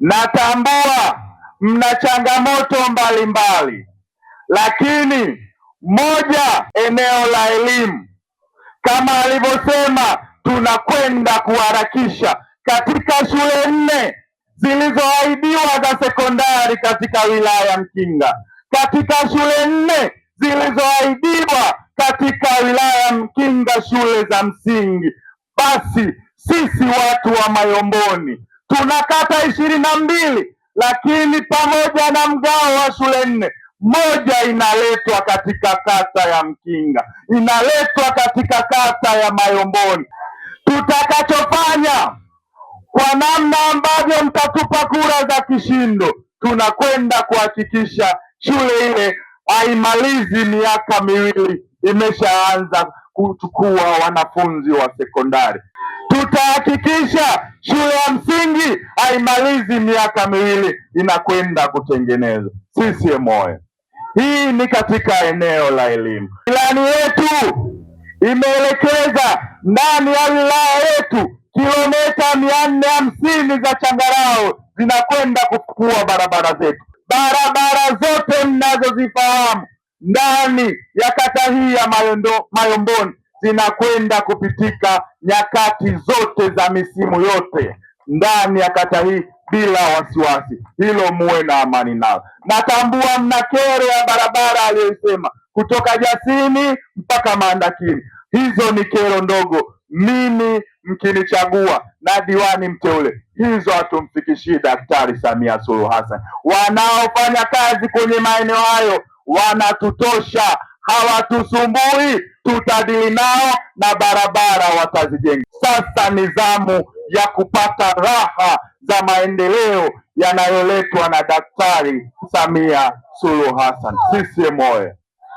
Natambua mna changamoto mbalimbali mbali, lakini moja, eneo la elimu kama alivyosema, tunakwenda kuharakisha katika shule nne zilizoahidiwa za sekondari katika wilaya ya Mkinga, katika shule nne zilizoahidiwa katika wilaya ya Mkinga, shule za msingi. Basi sisi watu wa Mayomboni tuna kata ishirini na mbili lakini pamoja na mgao wa shule nne moja inaletwa katika kata ya Mkinga, inaletwa katika kata ya Mayomboni. Tutakachofanya kwa namna ambavyo mtatupa kura za kishindo, tunakwenda kuhakikisha shule ile haimalizi miaka miwili, imeshaanza kuchukua wanafunzi wa sekondari. Tutahakikisha Shule ya msingi haimalizi miaka miwili, inakwenda kutengenezwa. CCM oyee! Hii ni katika eneo la elimu. Ilani yetu imeelekeza ndani ya wilaya yetu kilometa mia nne hamsini za changarao zinakwenda kufukua barabara zetu. Barabara zote mnazozifahamu ndani ya kata hii ya Mayomboni zinakwenda kupitika nyakati zote za misimu yote ndani ya kata hii bila wasiwasi, hilo muwe na amani nalo. Natambua mna kero ya barabara aliyoisema kutoka Jasini mpaka Mandakini. Hizo ni kero ndogo, mimi mkinichagua na diwani mteule, hizo hatumfikishii Daktari Samia Suluhu Hassan. Wanaofanya kazi kwenye maeneo hayo wanatutosha, hawatusumbui tutadili nao na barabara watazijenga. Sasa ni zamu ya kupata raha za maendeleo yanayoletwa na Daktari Samia Suluhu Hassan. CCM oye!